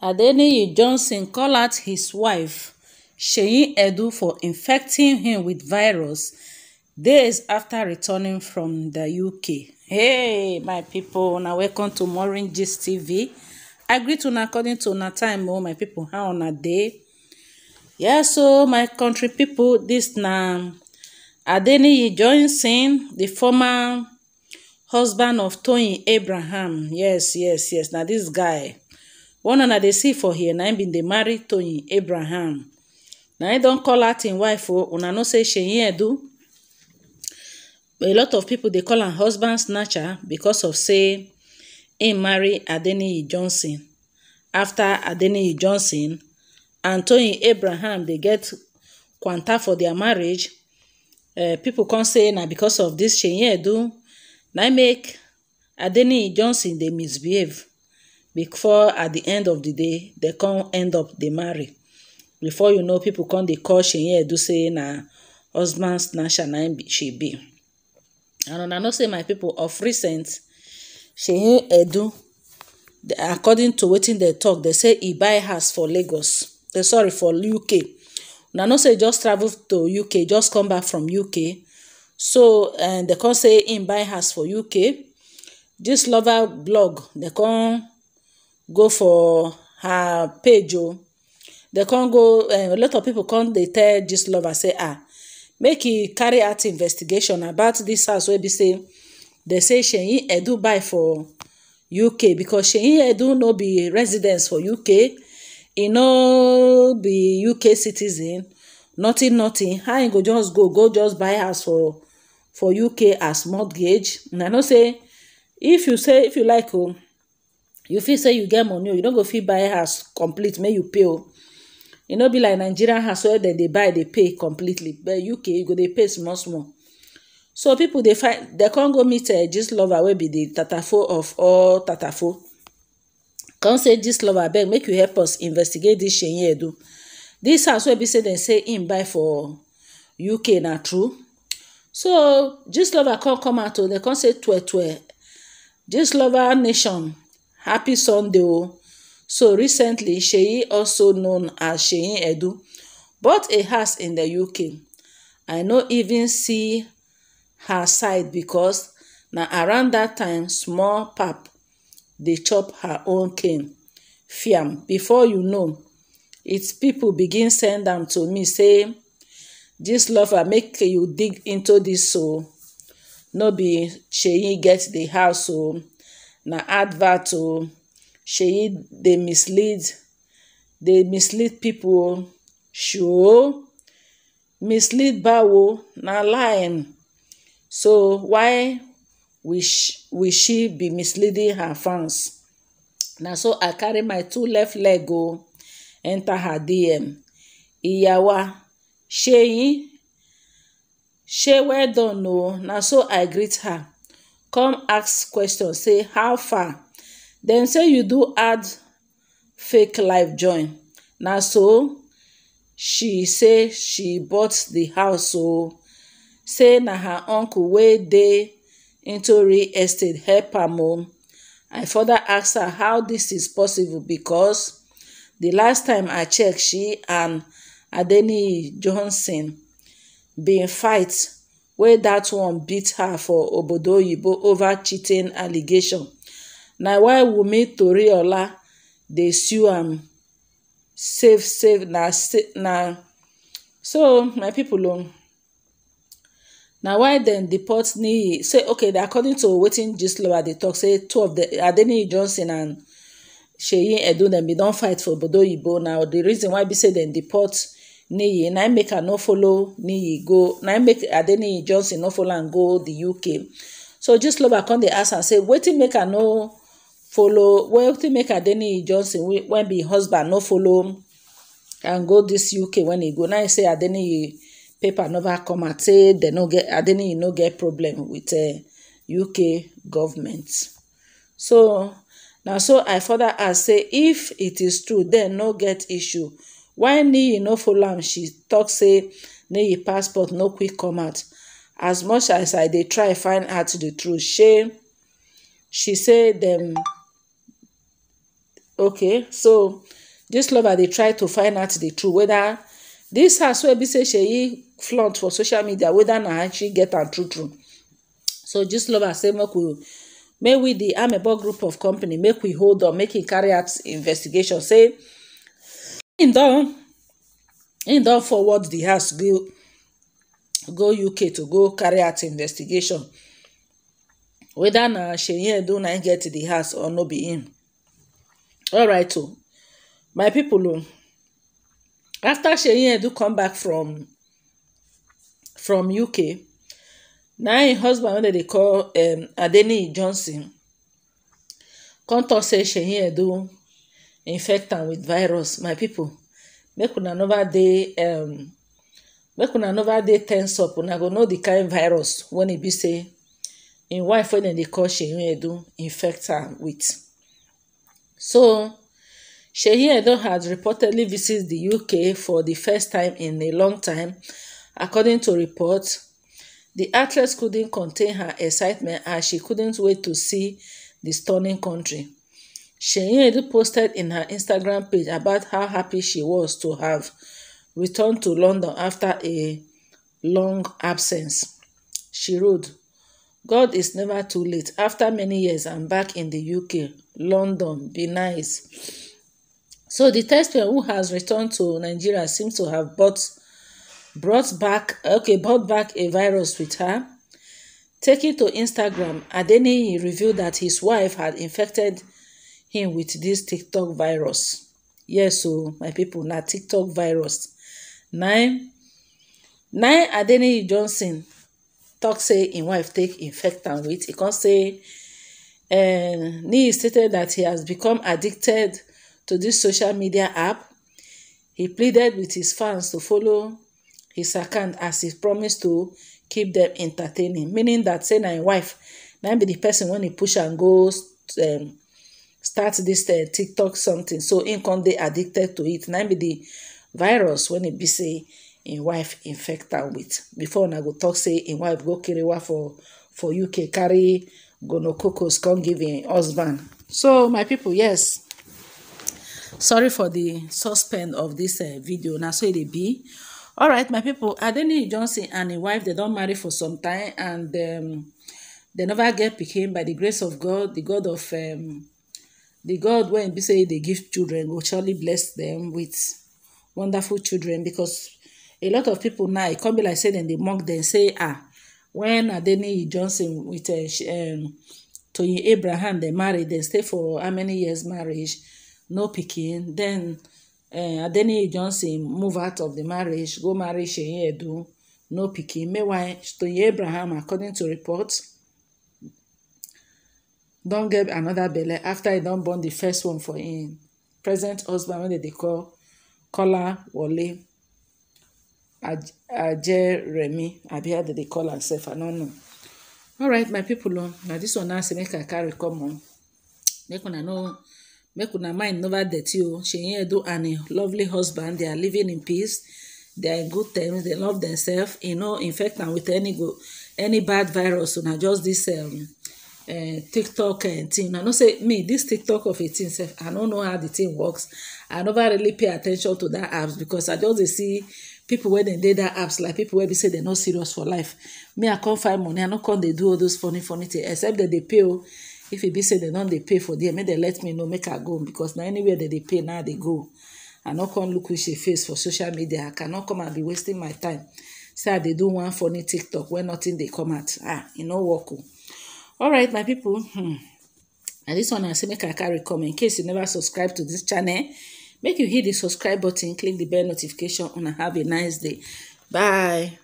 adeniyi johnson call out his wife seyi edoo for infecting him with virus days after returning from the uk hey my people, now welcome to Maureen gist tv i greet you, according to una time o oh, my people, how on a day? Yeah, so my country people, this now, adeniyi johnson the former husband of Tony abraham yes yes yes Now this guy and i dey see for here na im bin dey marry tony abraham na im don call out im wife o una know say shane edu a lot of people dey call am husband snatcher because of say im marry adiniyi johnson after adiniyi johnson and tony abraham dey get kwanta for dia marriage eh, pipo kon say na because of dis shane edu na im make adiniyi johnson dey misbehave. before at the end of the day they come end up they marry before you know people come they call here. Do say na husband snatcher na she be and una know say my people of recent Seyi Edo according to wetin dem talk they say he buy house for Lagos They eh, sorry for UK una know say just travel to UK just come back from UK so eh, they come say im buy house for UK This lover blog they come go for her page o dem con go eh, a lot of people con dey tell dis lover say ah make he carry out investigation about dis house wey be say dem say sheyi edu buy for uk becos sheyi edu no be residence for uk e no be uk citizen nothing nothing how im go just go go just buy house for for uk as mortgage and i know say if you say if you like o you fit say you get money oh, you no go fit buy house complete make you pay o oh. e no be like nigerian house wey dem dey buy dey pay completely but uk you go dey pay small small so people dey find dem con go meet eh, gist lover wey be the tatafo of all tatafo come say gist lover abeg make you help us investigate dis shey Do this house wey be say dem say im buy for uk na true so gist lover come come out o oh, dem come say twelve twelve gist lover nation happy Sunday o. So recently, Sheyi, also known as Sheyin Edu, bought a house in the UK. I no even see her side because na around that time small pap dey chop her own cane fiam before you know its people begin send am to me say this lover make you dig into this so no be sheyi get the house o na advert o sheyi dey mislead dey mislead people o sho mislead bawo na lying so why will she, will she be misleading her fans na so i carry my two left leg go enter her dm iyawa sheyi shey well done o na so i greet her come ask question say how far dem say you do add fake life join na so she say she bought the house oo say na her uncle wey dey into real estate help am oo i further ask her how this is possible because the last time i check she and adeniyi johnson bin fight wey dat one beat her for obodo oyibo over cheating allegation na why wunmi toriola dey sue am save save na na so my people o oh, na why dem deport niyi say okay according to wetin gist lover dey talk say two of the adeniyi johnson and seyi edun dem bin don fight for obodo oyibo na the reason why be say dem deport niyi na im make her no follow niyi go na im make adeniyi johnson no follow am go di uk so just gislover come dey ask am say wetin make her no follow wetin make adeniyi johnson wey be husband no follow am go dis uk wen e go now e say adeniyi paper never come out say dem no get adeniyi no get problem wit uk uh, government so na so i further ask say if it is true dem no get issue while niyi no follow am she tok say niyi passport no quick come out as much as i dey try find out the truth shey she say dem okay so dis lover dey try to find out the truth whether dis house wey be say sheyi flaunt for social media whether na actually get am true true so dis lover say make we make we the amebo group of company make we hold on make he carry out investigation say im don im don forward di house go go uk to go carry out investigation weda na sheyindo na im get di house or no be im alright o my pipo o afta sheyindo come back from from uk na im husband wey dem dey call um, adeniyi johnson come tok say sheyindo infect am with virus my people make una never dey um, make una never dey tense up una go know the kind virus when e be say im wife wey dem dey call Seyi Edun infect am with so Seyi Edun had reportedly visited the UK for the first time in a long time according to reports the actress couldn't contain her excitement as she couldn't wait to see the stunning country Shinyedu posted in her Instagram page about how happy she was to have returned to London after a long absence. She wrote, God is never too late. After many years, I'm back in the UK, London, be nice. So the taxpayer who has returned to Nigeria seems to have bought, brought back, okay, brought back a virus with her. Taking to Instagram, Adeni revealed that his wife had infected him with this tiktok virus yes o my people! Now tiktok virus nine nine adeniyi johnson tok say in wife take infect am wit e con say He um, stated that he has become addicted to this social media app he pleaded with his fans to follow his account as he promised to keep them entertaining meaning that say na wife now be the person when he push and goes. um, start this uh, tiktok something so in come they addicted to it na be the virus when it e be say in e wife infect her with before una go talk say in e wife go carry kerewa for for uk carry gonococcus come give im husband so my people yes sorry for the suspend of dis uh, video Now so it be all right, my people. adeniyi johnson and im wife they don't marry for some time and um, dem never get became by the grace of god The god of um, The God when e be say they give children will surely bless them with wonderful children because a lot of people now it e come be like say then they mock them say ah when Adeniyi Johnson with uh, um, Toyin Abraham they married they stay for how many years marriage no picking then uh, Adeniyi Johnson move out of the marriage go marry Seyi Edun no picking. meanwhile Toyin Abraham according to reports don get another belle after e don born the first one for him. present husband wey dem dey call Kolawole Ajeremi abi how dem dey call am sef I no know. Alright my people. o oh, na dis one now say make I carry come on. make una no make una mind never dirty o oh. Seyi Eddo and im lovely husband they are living in peace they are in good terms they love themselves e no infect am with any go any bad virus o na just dis um, Eh, tiktok and eh, thing i know say me this tiktok of a thing sef i no know how the thing works i never really pay attention to that apps because i just see people where they did that apps like people where they say dem no serious for life me i can't find money i no can they do all those funny funny things except that they pay oh, if it be say don't they pay for them, make they let me know make i go because now anywhere that they pay now they go i no come look which face for social media i cannot come and be wasting my time say they dey do one funny tiktok when nothing they come at. ah e no work o oh. alright my people and hmm. this one i say make a carry come in case you never subscribe to this channel make you hit the subscribe button click the bell notification and have a nice day bye